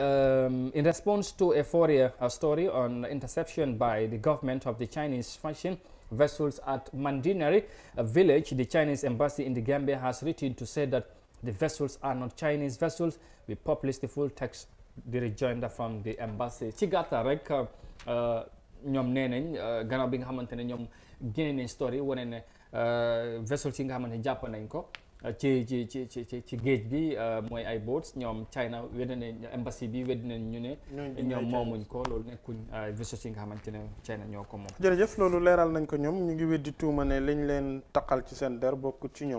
um, in response to a four-year uh, story on interception by the government of the Chinese fashion vessels at Mandinari village, the Chinese embassy in the Gambia has written to say that the vessels are not Chinese vessels. We published the full text, the rejoinder from the embassy. rek uh, uh, story vessels ci ci ci ci ci géej bi euh, mooy ay boats ñoom China weddi nañ embassy bi weddi nañ ñu ne. ñoom moomuñ ko loolu nekkuñ visite euh, yi nga xamante ne China ñoo ko moom. jërëjëf loolu leeral nañ ko ñoom ñu ngi weddi tuuma ne liñ leen taqal ci seen der bokk ci ñoom.